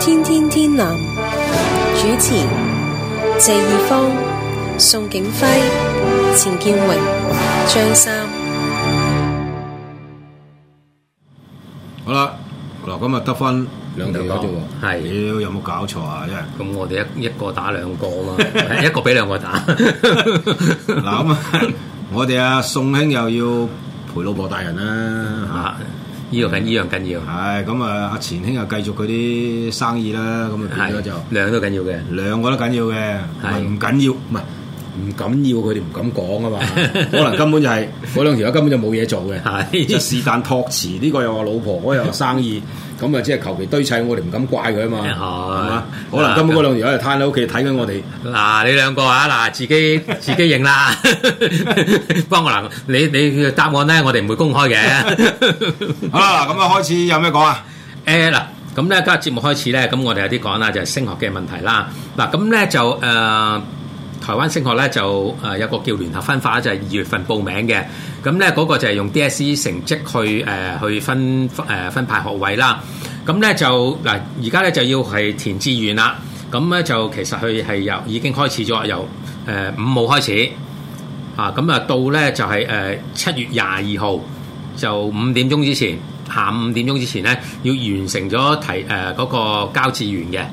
天天天藍，主持謝義方，宋景輝、陳建榮、張三。好啦，嗱，今日得翻兩條友啫，喎係，有冇搞錯啊？因為咁我哋一一個打兩個嘛， 一個俾兩個打，嗱，咁！我哋阿、啊、宋兄又要陪老婆大人啦、啊，吓呢樣緊要呢樣緊要。係咁啊，阿錢兄又繼續佢啲生意啦，咁啊變咗就兩個都緊要嘅，兩個都緊要嘅，唔緊要唔係。的唔敢要，佢哋唔敢講啊嘛，可能根本就係、是、嗰 兩條友根本就冇嘢做嘅，啲是但託辭，呢、這個又話老婆，嗰又話生意，咁啊，即係求其堆砌，我哋唔敢怪佢啊嘛，係嘛？可能根本嗰、就是嗯、兩條友就攤喺屋企睇緊我哋。嗱、嗯嗯嗯嗯，你兩個啊，嗱、嗯，自己自己認啦，幫 我嗱，你你答案咧，我哋唔會公開嘅。 好啦，咁、嗯、啊、嗯、開始有咩講啊？誒嗱、嗯，咁咧今日節目開始咧，咁我哋有啲講啦、嗯嗯嗯，就係升學嘅問題啦。嗱、呃，咁咧就誒。台灣升學咧就誒有一個叫聯合分發，就係、是、二月份報名嘅，咁咧嗰個就係用 DSE 成績去誒、呃、去分誒、呃、分派學位啦。咁咧就嗱，而家咧就要係填志願啦。咁咧就其實佢係由已經開始咗，由誒五號開始啊，咁啊到咧就係誒七月廿二號就五點鐘之前，下午五點鐘之前咧要完成咗提誒嗰、呃那個交志願嘅。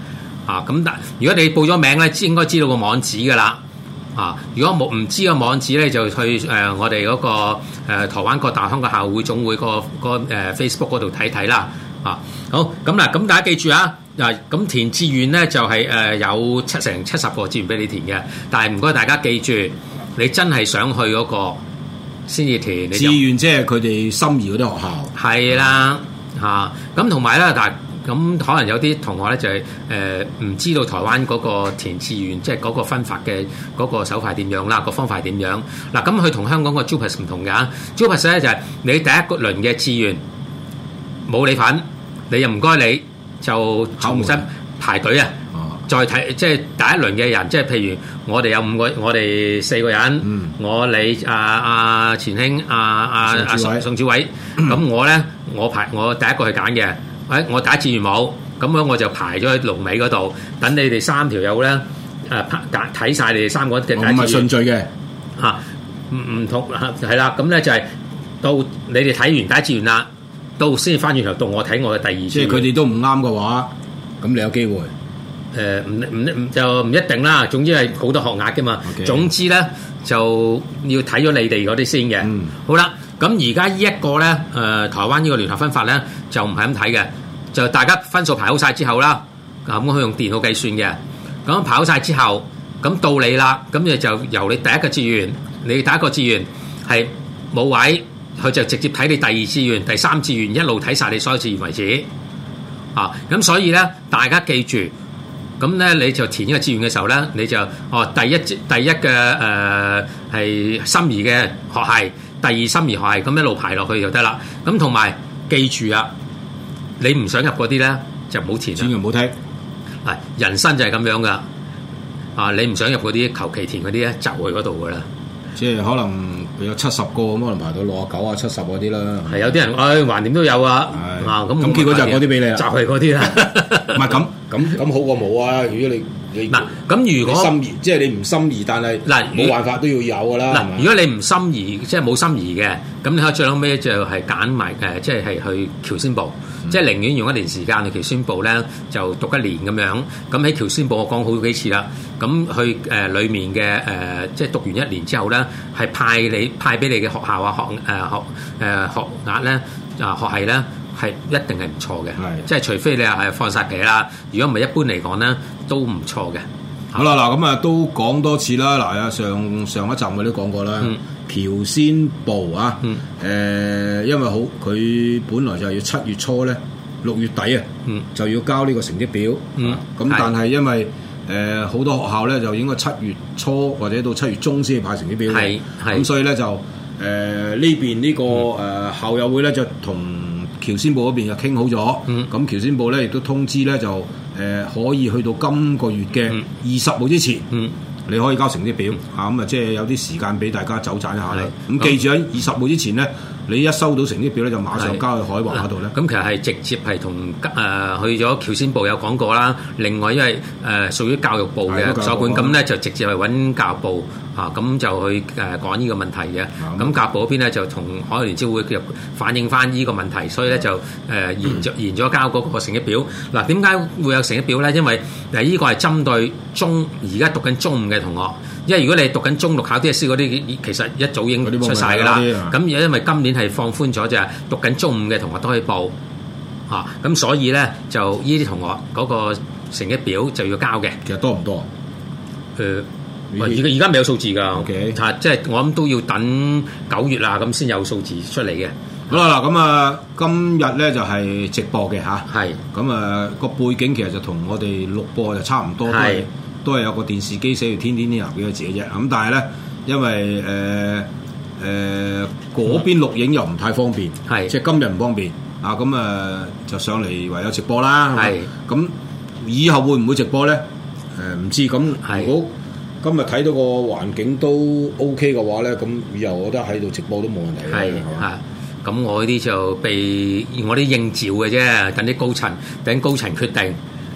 啊，咁但如果你報咗名咧，知應該知道個網址噶啦。啊，如果冇唔知道個網址咧，就去誒、呃、我哋嗰、那個、呃、台灣各大鄉嘅校友總會、那個個誒、呃、Facebook 嗰度睇睇啦。啊，好，咁嗱，咁大家記住啊，嗱、啊，咁填志願咧就係、是、誒、呃、有七成七十個志願俾你填嘅，但係唔該大家記住，你真係想去嗰個先至填。志願，即係佢哋心儀嗰啲學校。係啦，嚇、嗯，咁同埋咧，大。咁、嗯、可能有啲同學咧就係唔、呃、知道台灣嗰個填志願即係嗰個分法嘅嗰、嗰個手法點樣啦，嗰個方法點樣嗱？咁佢同香港個 Jupas 唔同嘅，Jupas 咧就係、是、你第一輪嘅志願冇你份，你又唔該你，就重新排隊啊！再睇即係第一輪嘅人，即、就、係、是、譬如我哋有五個，我哋四個人，嗯、我你阿阿、啊啊、前兄阿阿宋志偉，咁、啊嗯、我咧我排我第一個去揀嘅。誒、哎，我打字完冇，咁樣我就排咗喺龍尾嗰度，等你哋三條友咧，誒，睇睇晒你哋三個嘅，咁咪順序嘅吓，唔唔、啊、同啦，係、啊、啦，咁咧就係、是、到你哋睇完打字完啦，到先翻轉頭到我睇我嘅第二次。即係佢哋都唔啱嘅話，咁你有機會。誒、呃，唔唔就唔一定啦。總之係好多學額嘅嘛。Okay. 總之咧，就要睇咗你哋嗰啲先嘅。嗯、好啦。咁而家依一個咧，誒台灣依個聯合分法咧，就唔係咁睇嘅，就大家分數排好曬之後啦，咁佢用電腦計算嘅，咁跑曬之後，咁到你啦，咁你就由你第一個志願，你第一個志願係冇位，佢就直接睇你第二志願、第三志願，一路睇曬你所有志願為止。啊，咁所以咧，大家記住，咁咧你就填依個志願嘅時候咧，你就哦第一第一嘅誒係心儀嘅學系。第二心儀學系，咁一路排落去就得啦，咁同埋記住啊，你唔想入嗰啲咧就唔好填了。千祈唔好聽。係人生就係咁樣噶，啊你唔想入嗰啲求其填嗰啲咧，就去嗰度噶啦。即係可能有七十個咁，可能排到六啊九啊七十嗰啲啦。係有啲人唉，橫掂的、哎、都有的啊。啊咁咁，結果就係嗰啲俾你啊，就係嗰啲啊。唔係咁咁咁好過冇啊。如果你嗱，咁如果心儀，即係你唔心儀，但係嗱，冇辦法都要有㗎啦。嗱那，吧如果你唔心儀，即係冇心儀嘅，咁你睇最屘就係揀埋誒，即係係去僑先部，嗯、即係寧願用一年時間去僑先部咧，就讀一年咁樣。咁喺僑先部，我講好幾次啦。咁去誒裏、呃、面嘅誒、呃，即係讀完一年之後咧，係派你派俾你嘅學校啊，學誒、呃、學誒、呃、學額咧啊，學系咧。係一定係唔錯嘅，係是即係除非你係放煞期啦。如果唔係，一般嚟講咧都唔錯嘅。好啦，嗱咁啊，都講多次啦。嗱，阿上上一集我都講過啦，橋先步啊，誒、嗯呃，因為好佢本來就要七月初咧，六月底啊，嗯、就要交呢個成績表。咁、嗯啊、但係因為誒好、呃、多學校咧就應該七月初或者到七月中先派成績表嘅，咁、嗯、所以咧就誒呢、呃、邊呢、呢個誒、嗯呃、校友會咧就同。橋先部嗰邊就傾好咗，咁、嗯、橋先部咧亦都通知咧就誒、呃、可以去到今個月嘅二十號之前，嗯、你可以交成績表，嚇咁、嗯、啊，即係有啲時間俾大家走盞一下啦。咁是、嗯、記住喺二十號之前咧，你一收到成績表咧就馬上交去海華嗰度咧。咁其實係直接係同誒去咗橋先部有講過啦。另外因為誒、呃、屬於教育部嘅一所管，咁咧就直接係揾教育部。嚇咁、啊、就去誒、呃、講呢個問題嘅，咁甲布嗰邊咧就同海聯招會反映翻呢個問題，所以咧就誒、呃、延著延咗交嗰個成績表。嗱點解會有成績表咧？因為嗱依個係針對中而家讀緊中五嘅同學，因為如果你係讀緊中六考 DSE 嗰啲，其實一早已經出晒㗎啦。咁而家因為今年係放寬咗，就係讀緊中五嘅同學都可以報嚇。咁、啊、所以咧就依啲同學嗰個成績表就要交嘅。其實多唔多？誒、呃。而家而家未有數字㗎，OK 即係我諗都要等九月啦，咁先有數字出嚟嘅。好啦嗱，咁啊今日咧就係直播嘅吓，係咁是啊個背景其實就同我哋錄播就差唔多，是都係有個電視機寫住天天天藍幾個字嘅啫。咁但係咧，因為誒誒嗰邊錄影又唔太方便，係、嗯、即係今日唔方便啊。咁啊就上嚟唯有直播啦，係咁是以後會唔會直播咧？誒、呃、唔知咁好。今日睇到個環境都 OK 嘅話咧，咁以後我都喺度直播都冇問題，嘅的，係，咁我呢啲就被我啲應召嘅啫，等啲高層，等高層決定。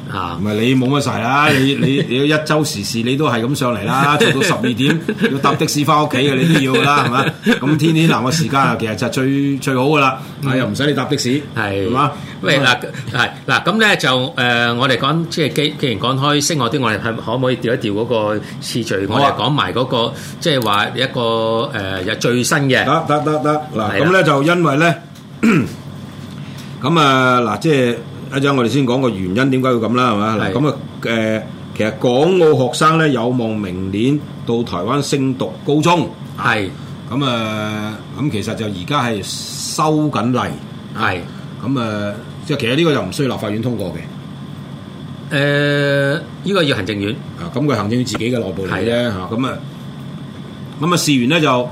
啊！唔係你冇乜事啦，你你你一週時事你都係咁上嚟啦，做到十二點要搭的士翻屋企嘅，你都要噶啦，係嘛？咁天天嗱個時間其實就最最好噶啦，係又唔使你搭的士，係嘛？咁嚟嗱係嗱咁咧就誒，我哋講即係既既然講開識我啲，我哋係可唔可以調一調嗰個次序？我哋講埋嗰個即係話一個誒又最新嘅啊！得得得得嗱，咁咧就因為咧咁啊嗱，即係。一陣我哋先講個原因為什麼要這，點解會咁啦，係嘛？咁啊，誒，其實港澳學生咧有望明年到台灣升讀高中，係咁啊，咁其實就而家係收緊例，係咁啊，即係其實呢個就唔需要立法院通過嘅，誒、呃，呢、這個要行政院啊，咁佢行政院自己嘅內部嚟啫嚇，咁啊的，咁啊，事緣咧就誒，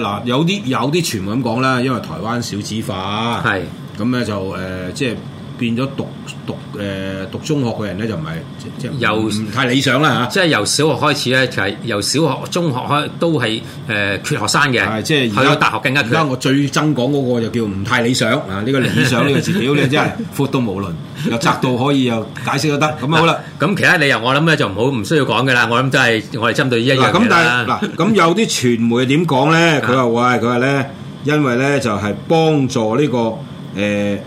嗱，有啲有啲傳聞咁講啦，因為台灣少子化，係咁咧就誒、呃，即係。變咗讀讀誒讀、呃、讀中學嘅人咧，就唔係即即又唔太理想啦嚇！即係由小學開始咧，就係、是、由小學、中學開都係誒、呃、缺學生嘅。係即係而家大學更加缺。而家我最憎講嗰個就叫唔太理想啊！呢、這個理想呢 個字表咧真係闊到無論，又窄到可以又解釋都得。咁 好啦，咁其他理由我諗咧就唔好唔需要講嘅啦。我諗真係我哋針對一樣咁但係嗱，咁、啊、有啲傳媒點講咧？佢話 喂，佢話咧，因為咧就係、是、幫助呢、這個誒。呃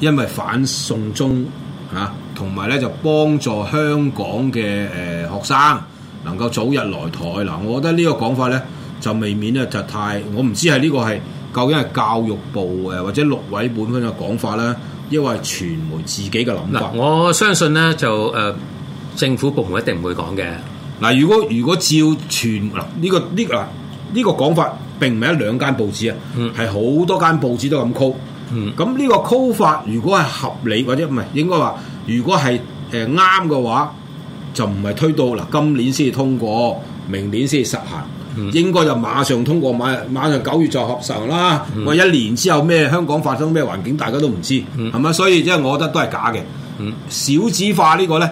因為反送中嚇，同埋咧就幫助香港嘅誒、呃、學生能夠早日來台嗱、啊，我覺得這個講呢個講法咧就未免咧就太，我唔知係呢個係究竟係教育部誒、呃、或者陸委本分嘅講法咧，抑或係傳媒自己嘅諗法。我相信咧就誒、呃、政府部門一定唔會講嘅。嗱，如果如果照傳嗱呢個呢嗱呢個講、這個、法並唔係一兩間報紙啊，係好、嗯、多間報紙都咁 call。嗯，咁呢個溝法如果係合理或者唔係應該話，如果係啱嘅話，就唔係推到啦，今年先至通過，明年先至實行，嗯、應該就馬上通過，馬，馬上九月就合成啦。我、嗯、一年之後咩香港發生咩環境大家都唔知，係咪、嗯？所以即係我覺得都係假嘅。嗯，少子化個呢個咧。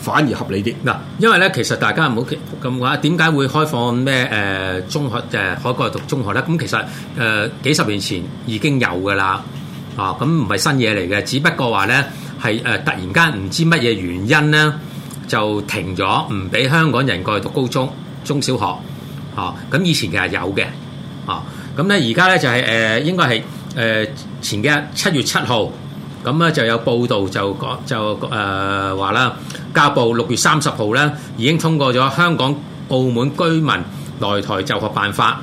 反而合理啲嗱，因為咧其實大家唔好咁話，點解會開放咩誒、呃、中學誒海歸去讀中學咧？咁其實誒、呃、幾十年前已經有嘅啦，啊咁唔係新嘢嚟嘅，只不過話咧係誒突然間唔知乜嘢原因咧就停咗，唔俾香港人過去讀高中、中小學，哦咁、嗯、以前其實有嘅，哦咁咧而家咧就係、是、誒、呃、應該係誒、呃、前幾日七月七號。咁咧就有報道就講就誒話啦，教育部六月三十號咧已經通過咗香港澳門居民來台就學辦法，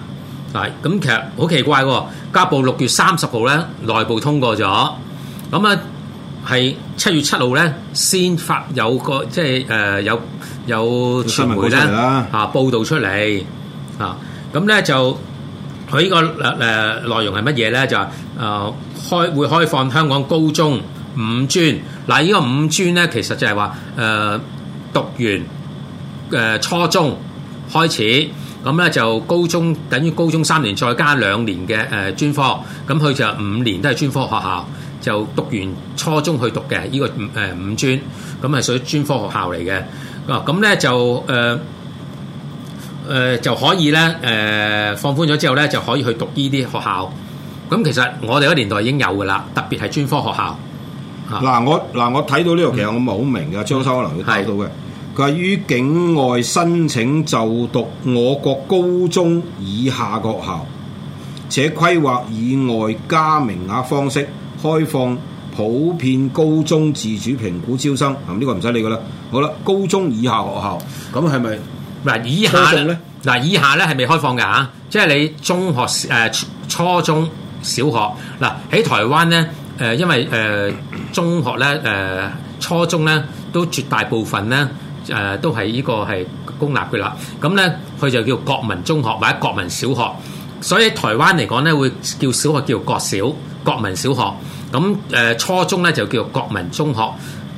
係咁其實好奇怪喎，教育部六月三十號咧內部通過咗，咁啊係七月七號咧先發有個即係誒有有傳媒咧嚇報導出嚟，啊咁咧就。佢呢個誒、呃呃、內容係乜嘢咧？就誒開、呃、會開放香港高中五專。嗱，呢個五專咧，其實就係話誒讀完誒、呃、初中開始，咁咧就高中等於高中三年，再加兩年嘅誒、呃、專科，咁佢就五年都係專科學校，就讀完初中去讀嘅。呢個誒五、呃、專，咁係屬於專科學校嚟嘅。嗱，咁咧就誒。呃誒、呃，就可以咧，誒、呃，放寬咗之後咧，就可以去讀呢啲學校。咁其實我哋嗰年代已經有噶啦，特別係專科學校。嗱，我嗱我睇到呢度，其實我唔係好明嘅，嗯、張生可能要睇到嘅。佢話是於境外申請就讀我國高中以下學校，且規劃以外加名額方式開放普遍高中自主評估招生。嗱，呢個唔使理噶啦。好啦，高中以下學校，咁係咪？嗱，以下嗱以，以下咧係未開放㗎吓，即係你中學誒初中、小學嗱喺台灣咧誒，因為誒、呃、中學咧誒、呃、初中咧都絕大部分咧誒、呃、都係呢個係公立嘅啦，咁咧佢就叫國民中學或者國民小學，所以台灣嚟講咧會叫小學叫國小、國民小學，咁誒初中咧就叫國民中學。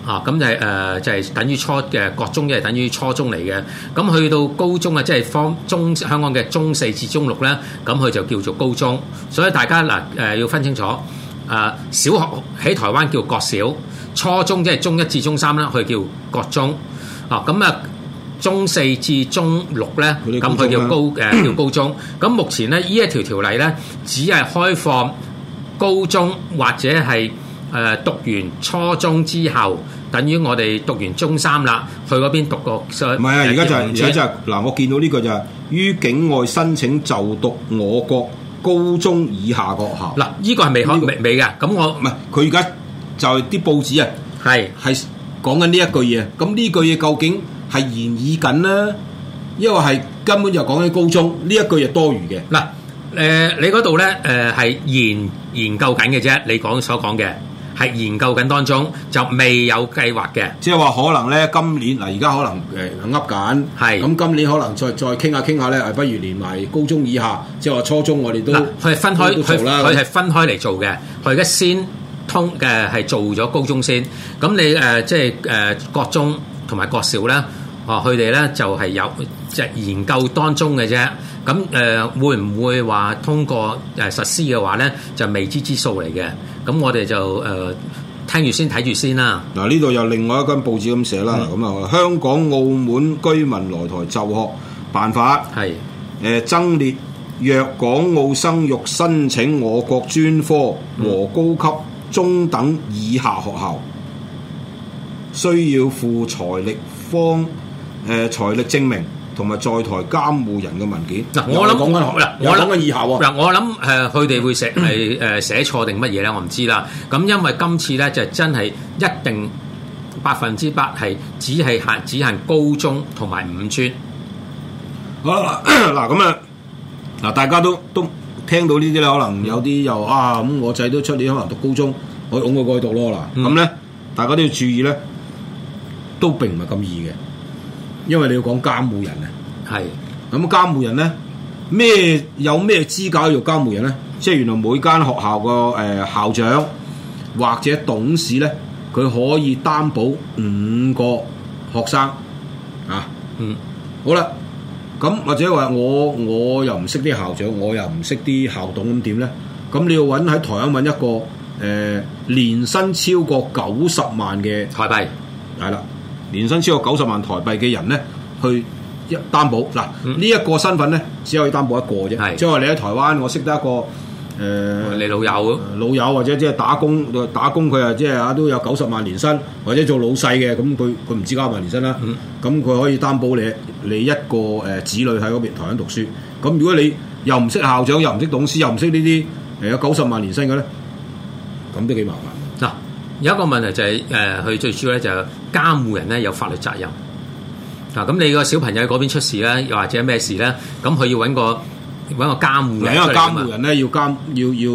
啊，咁就係誒，就係等於初嘅國中，即係等於初中嚟嘅。咁去到高中啊，即係方中香港嘅中四至中六咧，咁佢就叫做高中。所以大家嗱誒要分清楚，誒小學喺台灣叫國小，初中即係中一至中三啦，佢叫國中。啊，咁啊，中四至中六咧，咁佢叫高誒叫高中。咁目前咧呢一條條例咧，只係開放高中或者係。誒，讀完初中之後，等於我哋讀完中三啦，去嗰邊讀個。唔係啊，而家就係，而家就嗱，我見到呢個就係，於境外申請就讀我國高中以下個學校。嗱，呢個係未可未未嘅。咁我唔係，佢而家就係啲報紙啊，係係講緊呢一句嘢。咁呢句嘢究竟係研議緊啦？因為係根本就講緊高中呢一句嘢多餘嘅。嗱，誒，你嗰度咧，誒，係研研究緊嘅啫，你講所講嘅。係研究緊當中，就未有計劃嘅。即係話可能咧，今年嗱，而家可能誒噏緊，係咁今年可能再再傾下傾下咧，誒，不如連埋高中以下，即係話初中，我哋都佢係分開佢佢係分開嚟做嘅。佢而家先通嘅係做咗高中先，咁你誒即係誒國中同埋國小咧，哦，佢哋咧就係有即係研究當中嘅啫。咁誒、呃、會唔會話通過誒、呃、實施嘅話咧，就未知之數嚟嘅。咁我哋就誒、呃、聽住先睇住先啦。嗱，呢度又另外一間報紙咁寫啦。咁啊、嗯，香港澳門居民來台就學辦法係誒是、呃、增列，若港澳生欲申請我國專科和高級中等以下學校，嗯、需要付財力方誒、呃、財力證明。同埋在台監護人嘅文件，有講嘅，有講嘅以下喎。嗱，我諗誒，佢哋會寫係誒寫錯定乜嘢咧？我唔知啦。咁因為今次咧就真係一定百分之百係只係限只限高中同埋五專。好，嗱咁啊，嗱大家都都聽到呢啲咧，可能有啲又、嗯、啊咁，我仔都出年可能讀高中，我㧬佢過去讀咯啦。咁咧，大家都要注意咧，都並唔係咁易嘅。因為你要講監護人啊，係咁的監護人咧，咩有咩資格要做監護人咧？即係原來每間學校個、呃、校長或者董事咧，佢可以擔保五個學生啊。嗯，好啦，咁或者話我我又唔識啲校長，我又唔識啲校董咁點咧？咁你要揾喺台灣揾一個誒、呃、年薪超過九十萬嘅台幣，係啦。年薪超過九十萬台幣嘅人咧，去一擔保嗱，呢一個身份咧，只可以擔保一個啫。是即係話你喺台灣，我識得一個誒，呃、你老友老友或者即係打工，打工佢啊、就是，即係吓都有九十萬年薪，或者做老細嘅，咁佢佢唔知交唔交年薪啦。咁佢、嗯、可以擔保你你一個誒子女喺嗰邊台灣讀書。咁如果你又唔識校長，又唔識董事，又唔識呢啲誒有九十萬年薪嘅咧，咁都幾麻煩。有一個問題就係、是、誒，佢、呃、最主要咧就係監、是、護人咧有法律責任。嗱、啊，咁你個小朋友喺嗰邊出事咧，又或者咩事咧，咁佢要揾個揾個監護人，因為監護人咧要監要要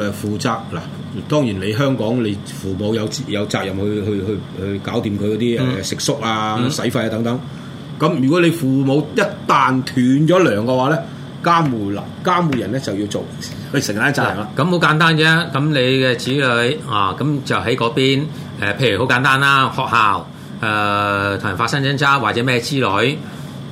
要誒負責。嗱，當然你香港你父母有有責任去去去去搞掂佢嗰啲誒食宿啊、洗費啊等等。咁、嗯、如果你父母一旦斷咗糧嘅話咧，監護人，監護人咧就要做佢承擔責任，係咁好簡單啫。咁你嘅子女啊，咁就喺嗰邊、呃、譬如好簡單啦，學校誒同、呃、人發生爭執或者咩之類，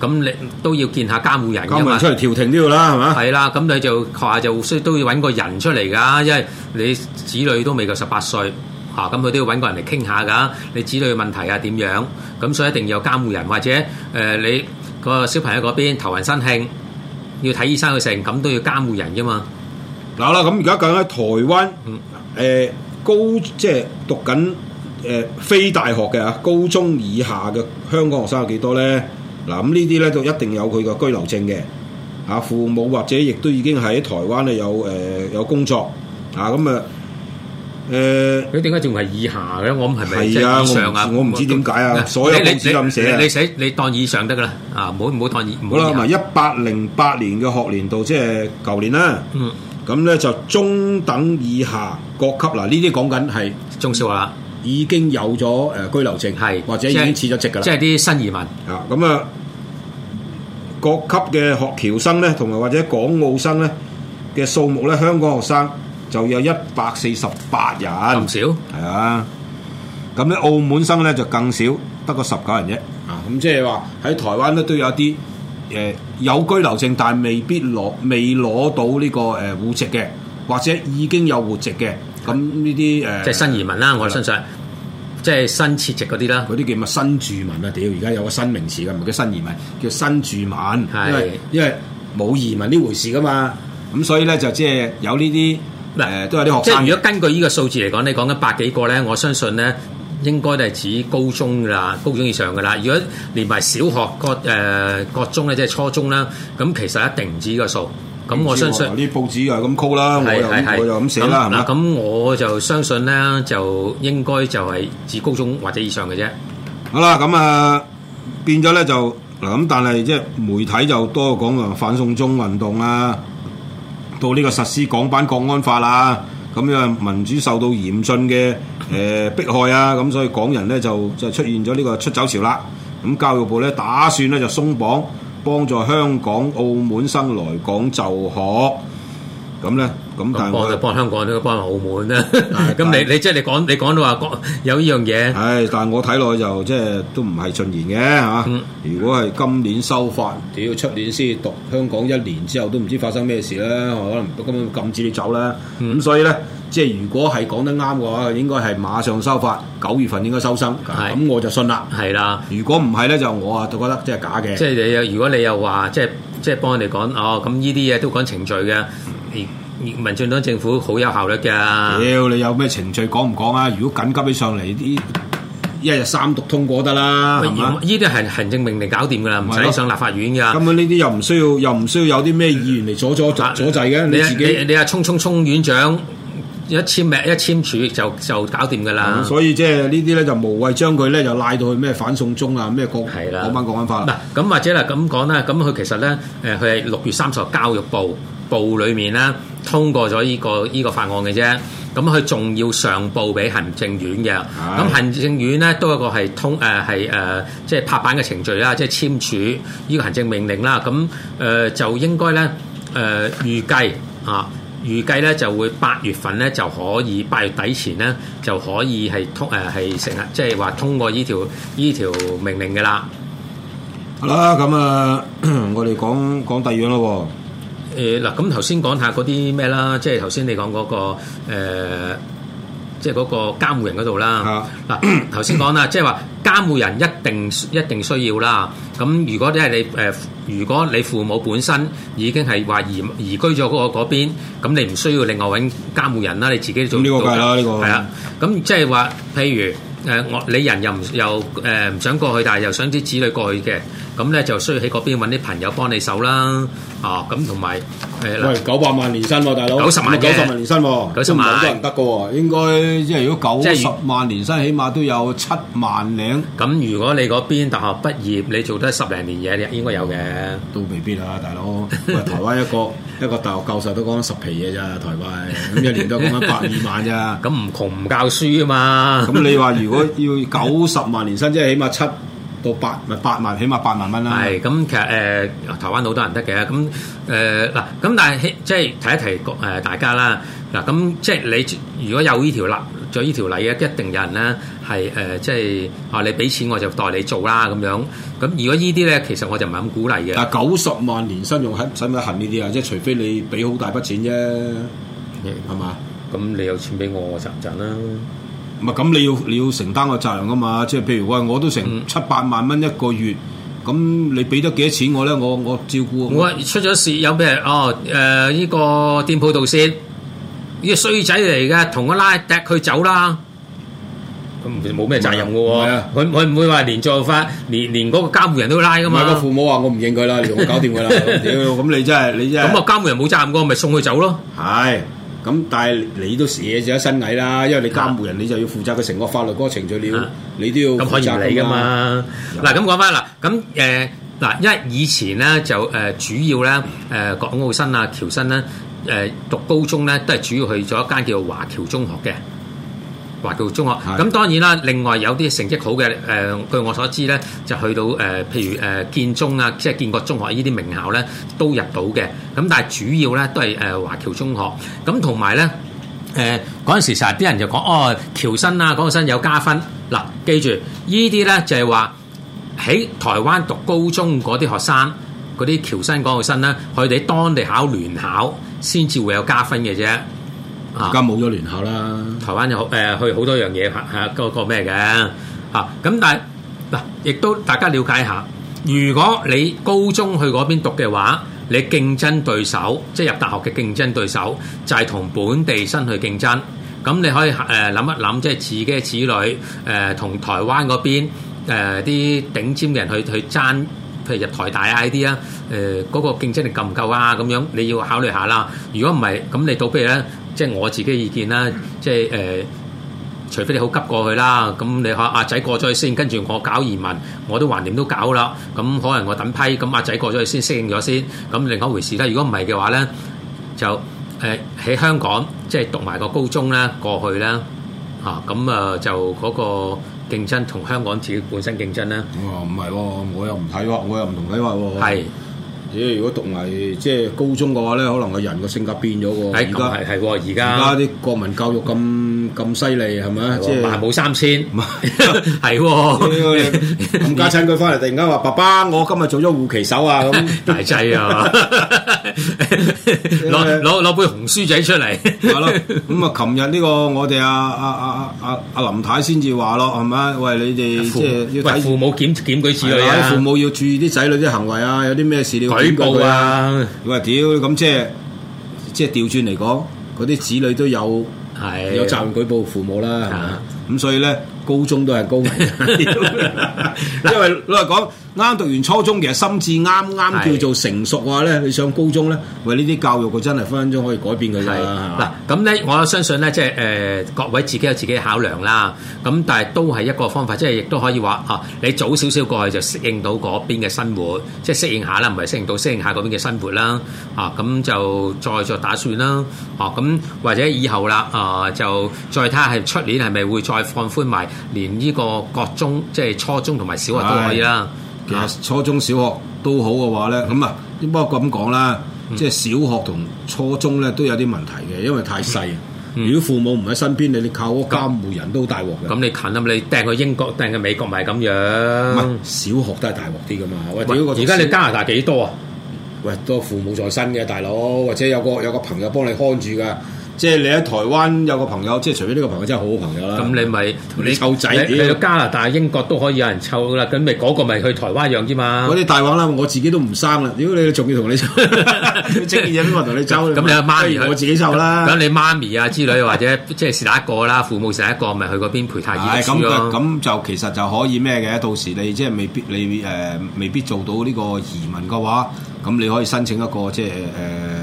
咁你都要見下監護人噶嘛，出嚟調停呢個啦，係嘛？係啦，咁你就校就需都要揾個人出嚟噶，因為你子女都未夠十八歲嚇，咁、啊、佢都要揾個人嚟傾下噶。你子女問題啊點樣的？咁所以一定要有監護人，或者誒、呃、你個小朋友嗰邊頭暈身㷫。要睇醫生去成，咁都要監護人㗎嘛。嗱啦，咁而家講緊，台灣誒高即係讀緊誒非大學嘅啊，高中以下嘅香港學生有幾多咧？嗱，咁呢啲咧就一定有佢個居留證嘅。嚇，父母或者亦都已經喺台灣咧有誒有工作。嚇，咁啊。誒，佢點解仲係以下嘅？我諗咪即係以上啊？我唔知點解啊！我啊所有報紙咁寫，你你你你寫你當以上得噶啦，啊，唔好唔好當，唔好啦。咪一百零八年嘅學年度，即係舊年啦。咁咧，嗯、就中等以下各級，嗱，呢啲講緊係中小啊，已經有咗誒居留證，係或者已經辭咗職噶啦，即係啲新移民啊。咁啊，各級嘅學僑生咧，同埋或者港澳生咧嘅數目咧，香港學生。就有一百四十八人，咁少，係啊，咁咧澳門生咧就更少，得個十九人啫。啊，咁即係話喺台灣咧都有啲、呃、有居留證，但係未必攞未攞到呢個誒戶籍嘅，或者已經有戶籍嘅，咁呢啲即係新移民啦，我哋相信，即係新設籍嗰啲啦，嗰啲叫咩新住民啊屌，而家有個新名詞噶，唔係叫新移民，叫新住民，的因為因為冇移民呢回事噶嘛，咁所以咧就即係有呢啲。唔係，都係啲學生。即係如果根據呢個數字嚟講，你講緊百幾個咧，我相信咧應該都係指高中㗎啦，高中以上㗎啦。如果連埋小學各誒各中咧，即係初中啦，咁其實一定唔止呢個數。咁我相信啲報紙又係咁 call 啦，我又我又咁寫啦，係嘛？咁我就相信咧，就應該就係指高中或者以上嘅啫。好啦，咁啊變咗咧就咁，但係即係媒體就多講話反送中運動啦。到呢個實施港版國安法啦，咁樣民主受到嚴峻嘅誒迫害啊，咁所以港人咧就就出現咗呢個出走潮啦。咁教育部咧打算咧就鬆綁，幫助香港、澳門生來港就學。咁咧，咁但係我幫香港都幫澳門啦。咁你你即係你講你講到話有呢樣嘢。係，但係我睇落去就即係都唔係盡然嘅嚇。如果係今年收法，屌要出年先讀香港一年之後都唔知發生咩事啦。可能都今日禁止你走啦。咁所以咧，即係如果係講得啱嘅話，應該係馬上收法，九月份應該收生。咁我就信啦。係啦。如果唔係咧，就我啊就覺得即係假嘅。即係你又如果你又話即係即係幫人哋講哦，咁呢啲嘢都講程序嘅。民進黨政府好有效率㗎。妖，你有咩程序講唔講啊？如果緊急起上嚟啲，一日三讀通過得啦，係嘛？呢啲係行政命令搞掂㗎啦，唔使的上立法院㗎。咁樣呢啲又唔需要，又唔需要有啲咩議員嚟阻阻阻阻滯嘅。啊、你，你自己你，你，你啊，聰聰聰，院長一簽名一簽署就就搞掂㗎啦。所以即係呢啲咧就無謂將佢咧就拉到去咩反送中國的國啊咩講講翻講翻法啦。咁或者嗱咁講啦，咁佢其實咧誒，佢係六月三十號教育部部裡面啦。通過咗呢個呢個法案嘅啫，咁佢仲要上報俾行政院嘅，咁的行政院咧都有一個係通誒係誒，即、呃、係、呃即係、拍板嘅程序啦，即、就、係、係、簽署呢個行政命令啦，咁誒、呃、就應該咧誒、呃、預計啊預計咧就會八月份咧就可以八月底前咧就可以係通誒係、呃、成日即係話通過呢條呢條命令嘅啦。好啦，咁啊，我哋講講第二樣咯。誒嗱，咁頭先講下嗰啲咩啦，即係頭先你講嗰、誒即係嗰個監護人嗰度啦。嗱、啊，頭先講啦， 即係話監護人一定一定需要啦。咁如果即係你誒、呃，如果你父母本身已經係話移移居咗嗰個嗰邊，咁你唔需要另外揾監護人啦，你自己做呢、嗯呢個計啦，呢、呢個係啊。咁即係話，譬如誒我、呃、你人又唔又誒唔、呃、想過去，但係又想啲子女過去嘅。咁咧就需要喺嗰邊揾啲朋友幫你手啦，哦、啊，咁同埋係嗱，九、哎、百萬年薪、啊，大佬，九十萬嘅，九十萬,萬,萬年薪，九十萬好多人都唔得嘅喎，應該即係如果九十萬年薪，起碼都有七萬零。咁如、嗯、如果你嗰邊大學畢業，你做得十零年嘢，你應該有嘅，都未必啊，大佬。喂， 台灣一個一個大學教授都講十皮嘢咋，台灣咁一年都講緊百二萬咋。咁唔窮唔教書啊嘛。咁你話如果要九十萬年薪， 即係起碼七。到八咪八萬，起碼八萬蚊啦。係咁，其實誒、呃、台灣好多人得嘅，咁誒嗱咁，但係即係提一提誒大家啦。嗱、嗯、咁即係你如果有呢條例，做呢條例咧，一定有人咧係誒，即係哦、啊，你俾錢我就代你做啦咁樣。咁如果依啲咧，其實我就唔係咁鼓勵嘅。嗱，九十萬年薪用使唔使行呢啲啊？即係除非你俾好大筆錢啫，係嘛是？咁吧你有錢俾我，我賺唔賺啦？唔係咁，你要你要承擔個責任噶嘛？即係譬如話，我都成七八萬蚊一個月，咁你俾咗幾多錢我咧？我我照顧。我出咗事有咩？哦，誒呢個店鋪度先，呢個衰仔嚟嘅，同我拉踢佢走啦。咁冇咩責任嘅喎？係啊，佢佢唔會話連坐法，連連嗰個監護人都拉噶嘛。唔係個父母話我唔認佢啦，你同我搞掂佢啦。屌，咁你真係你真係。咁啊，監護人冇責任嘅，咪送佢走咯。係。咁但係你都寫咗新嘢啦，因為你監護人你就要負責佢成個法律嗰個程序了，的你都要咁可以理㗎嘛？嗱的，咁講返啦咁嗱，因為以前咧就主要咧、呃、港澳生啊、僑生咧、呃、讀高中咧都係主要去咗一間叫做華僑中學嘅。華僑中學，咁當然啦。另外有啲成績好嘅，誒、呃、據我所知咧，就去到、呃、譬如、呃、建中啊，即係建國中學呢啲名校咧，都入到嘅。咁但係主要咧都係誒、呃、華僑中學。咁同埋咧，誒、呃、嗰陣時成日啲人就講，哦，僑生啊，嗰、那個生有加分。嗱，記住呢啲咧就係話喺台灣讀高中嗰啲學生，嗰啲僑生嗰個生咧，佢哋當地考聯考先至會有加分嘅啫。而家冇咗聯考啦，台灣有誒，去好多樣嘢，嚇嚇個個咩嘅嚇。咁但係嗱，亦都大家瞭解下，如果你高中去嗰邊讀嘅話，你競爭對手即係入大學嘅競爭對手就係同本地生去競爭。咁你可以誒諗一諗，即係自己子女誒同台灣嗰邊誒啲頂尖嘅人去去爭，譬如入台大啊呢啲啊，誒嗰個競爭力夠唔夠啊？咁樣你要考慮下啦。如果唔係，咁你倒不如咧。即係我自己嘅意見啦，即係誒、呃，除非你好急過去啦，咁你嚇阿仔過咗去先，跟住我搞移民，我都橫掂都搞啦，咁可能我等批，咁阿仔過咗去先適應咗先，咁另一回事啦。如果唔係嘅話咧，就誒喺、呃、香港即係讀埋個高中咧，過去咧嚇，咁啊，啊，啊就嗰個競爭同香港自己本身競爭咧。哦，唔係我又唔睇喎，我又唔同睇喎。係。如果讀埋即係高中嘅話咧，可能個人個性格變咗喎。而家係係而家而家啲國民教育咁咁犀利係咪？即係冇三千，係喎，咁加親佢翻嚟，突然間話：爸爸，我今日做咗護旗手啊！咁大劑啊！ 攞攞攞杯紅書仔出嚟，咁啊！琴日呢個我哋阿阿阿阿阿林太先至話咯，係咪喂，你哋父即係要父母檢檢舉子女、啊、父母要注意啲仔女啲行為啊，有啲咩事你要舉，舉報啊！喂、啊，屌咁即係即係調轉嚟講，嗰啲子女都有係的有責任舉報父母啦，係咁所以咧，高中都係高嘅， 因為老實講啱讀完初中，其實心智啱啱叫做成熟嘅話咧，是的 你上高中咧，喂，呢啲教育佢真係分分鐘可以改變佢嘅。係嗱，咁咧，我相信咧，即係誒各位自己有自己考量啦。咁但係都係一個方法，即係亦都可以話啊，你早少少過去就適應到嗰邊嘅生活，即係適應下啦，唔係適應到適應下嗰邊嘅生活啦。啊，咁就再作打算啦。啊，咁或者以後啦，啊，就再睇下係出年係咪會再。放寬埋，連呢個國中即係初中同埋小學都可以啦、啊。其實初中小學都好嘅話咧，咁啊、嗯，不過咁講啦，即、就、係、是、小學同初中咧都有啲問題嘅，因為太細。嗯、如果父母唔喺身邊，你你靠個監護人都大鑊嘅。咁、嗯、你近啊你掟去英國、掟去美國咪咁樣？小學都係大鑊啲噶嘛。喂，而家你在加拿大幾多啊？喂，都父母在身嘅大佬，或者有個有個朋友幫你看住㗎。即係你喺台灣有個朋友，即係除非呢個朋友真係好好朋友啦。咁你咪同你湊仔，去咗你加拿大、英國都可以有人湊㗎啦。咁咪嗰個咪去台灣養啫嘛。嗰啲大話啦，我自己都唔生啦。如果你仲要同你湊，精嘢邊個同你湊？咁 你阿媽咪我自己湊啦。咁你媽咪啊之類，或者即係是但一個啦？ 父母是但一個咪去嗰邊陪太子咁樣咁就、啊哎、就，就其實就可以咩嘅？到時你即係未必你誒、呃、未必做到呢個移民嘅話，咁你可以申請一個即係誒。呃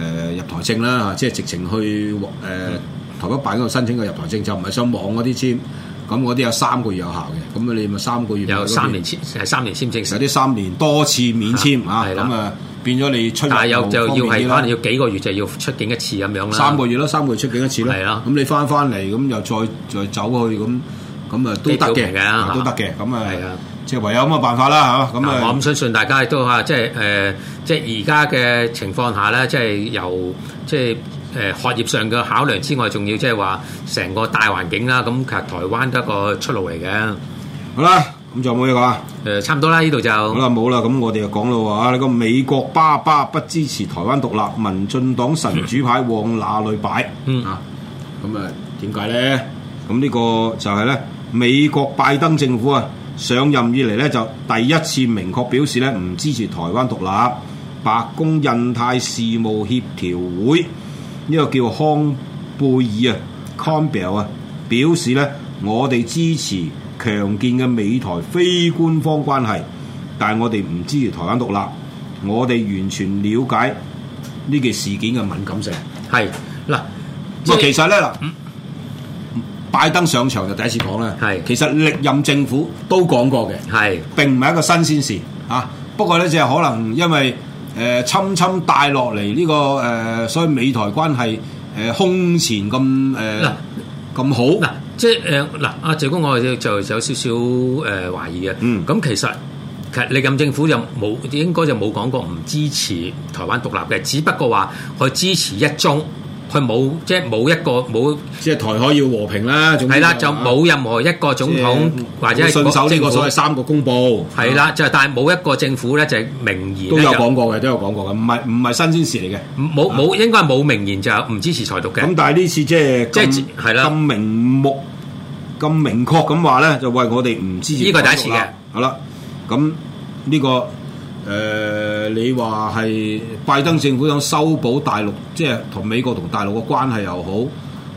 誒、呃、入台證啦，即係直情去誒、呃嗯、台北辦嗰度申請個入台證，就唔係上網嗰啲簽，咁嗰啲有三個月有效嘅，咁啊你咪三個月有三年簽，係三,三年簽證，有啲三年多次免簽啊，咁啊變咗你出。但係又就要係，可能要幾個月就要出境一次咁樣啦。三個月啦，三個月出境一次咯。係咯啦，咁你翻翻嚟咁又再再走去咁，咁啊都得嘅，都得嘅，咁啊。即係唯有咁嘅辦法啦，吓咁啊！我唔相信大家都吓，即係誒、呃，即係而家嘅情況下咧，即係由即係誒，學、呃、業上嘅考量之外，仲要即係話成個大環境啦。咁其實台灣都一個出路嚟嘅。好啦，咁仲有冇嘢講？誒、呃，差唔多啦，呢度就好啦，冇啦。咁我哋就講到話，啊，呢個美國爸爸不支持台灣獨立，民進黨神主牌、嗯、往哪裏擺？嗯啊，咁啊，點解咧？咁呢個就係咧，美國拜登政府啊。上任以嚟咧，就第一次明確表示咧，唔支持台灣獨立。白宮印太事務協調會，呢個叫康貝爾啊 Campbell 啊，表示咧，我哋支持強健嘅美台非官方關係，但係我哋唔支持台灣獨立。我哋完全了解呢件事件嘅敏感性。係嗱，其實咧嗱。嗯拜登上場就第一次講啦，其實歷任政府都講過嘅，並唔係一個新鮮事啊。不過咧，就可能因為誒侵侵帶落嚟呢個誒，所以美台關係誒空前咁誒，咁好。即係誒嗱，阿謝公，我就有少少誒懷疑嘅。咁其實其實歷任政府就冇應該就冇講過唔支持台灣獨立嘅，只不過話佢支持一中。佢冇即係冇一個冇，即係台海要和平啦。係啦，就冇任何一個總統或者係信守呢個所謂三個公佈。係啦，就但係冇一個政府咧就係明言都有講過嘅，都有講過嘅，唔係唔係新鮮事嚟嘅。冇冇應該係冇明言就唔支持台獨嘅。咁但係呢次即係即係係啦，咁明目咁明確咁話咧，就喂我哋唔支持。呢個第一次嘅。好啦，咁呢個。誒、呃，你話係拜登政府想修補大陸，即係同美國同大陸嘅關係又好，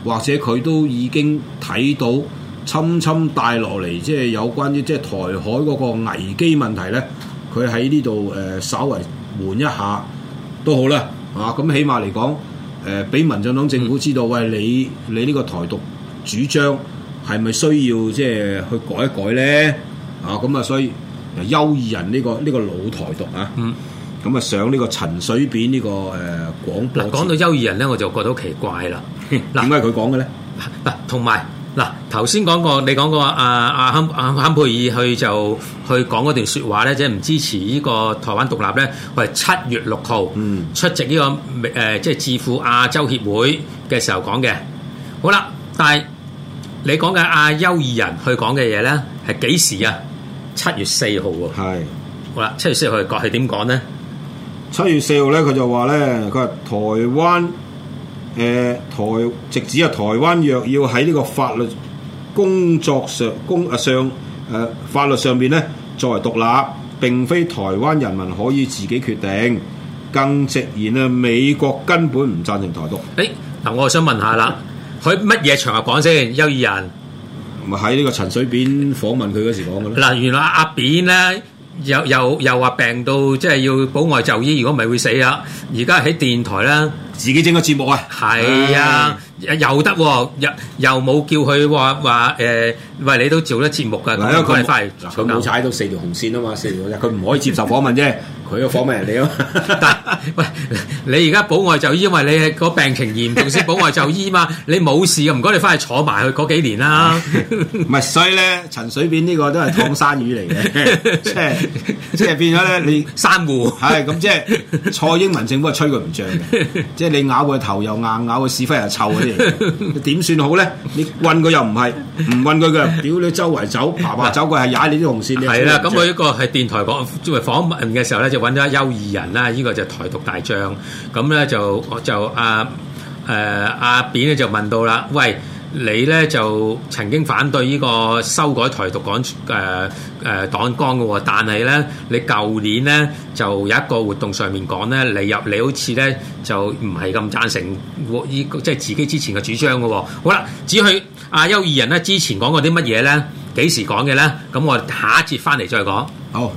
或者佢都已經睇到侵侵帶落嚟，即係有關於，即係台海嗰個危機問題咧，佢喺呢度稍為緩一下都好啦，啊，咁起碼嚟講，誒、呃、俾民進黨政府知道，嗯、喂，你你呢個台獨主張係咪需要即係去改一改咧？啊，咁啊，所以。阿邱義仁呢、這個呢、這個老台獨啊，咁啊、嗯、上呢個陳水扁、這個呃、廣呢個誒廣播。嗱，講到邱義仁咧，我就覺得好奇怪啦。嗱、嗯，點解佢講嘅咧？嗱、啊，同埋嗱，頭先講過，你講過阿、啊啊、坎、坎佩爾去就去講嗰段說話咧，即係唔支持呢個台灣獨立咧，佢係七月六號出席呢、這個誒、嗯呃、即係智庫亞洲協會嘅時候講嘅。好啦，但係你講嘅阿邱義仁去講嘅嘢咧，係幾時啊？嗯七月四號喎，係是好啦。七月四號佢講係點講咧？七月四號咧，佢就話咧，佢話台灣誒、呃、台直指啊，台灣若要喺呢個法律工作上、公啊上誒、呃、法律上邊咧作為獨立，並非台灣人民可以自己決定，更直言啊，美國根本唔贊成台獨。誒，嗱，我係想問下啦，佢乜嘢場合講先？邱義仁。唔係喺呢個陳水扁訪問佢嗰時講嘅咯。嗱，原來阿扁咧又又又話病到即係要保外就醫，如果唔係會死啊！而家喺電台咧，自己整個節目啊，係啊。哎又得又又冇叫佢話話誒，喂你都做得節目嘅，咁佢翻嚟，佢冇踩到四條紅線啊嘛，四條佢唔可以接受訪問啫，佢嘅訪問人哋咯。但係喂，你而家保外就醫，因為你係個病情嚴重，先保外就醫嘛。你冇事嘅，唔該你翻去坐埋去嗰幾年啦。唔係，所以咧，陳水扁呢個都係湯山魚嚟嘅，即係即係變咗咧，你珊瑚。係咁，即係蔡英文政府係吹佢唔脹嘅，即係你咬佢頭又硬，咬佢屎忽又臭。你點 算好咧？你問佢又唔係，唔問佢嘅，屌你周圍走， 爬爬走佢係踩你啲紅線。係啦，咁 我一個係電台講，作為訪問嘅時候咧，就揾咗一優異人啦，呢、這個就係台獨大將。咁咧就就阿誒阿扁咧就問到啦，喂。你咧就曾經反對呢個修改台獨講誒誒黨綱嘅喎，但係咧你舊年咧就有一個活動上面講咧，你入嚟好似咧就唔係咁贊成即係自己之前嘅主張嘅喎、哦。好啦，至於阿邱義仁咧之前講過啲乜嘢咧，幾時講嘅咧？咁我下一節翻嚟再講。好。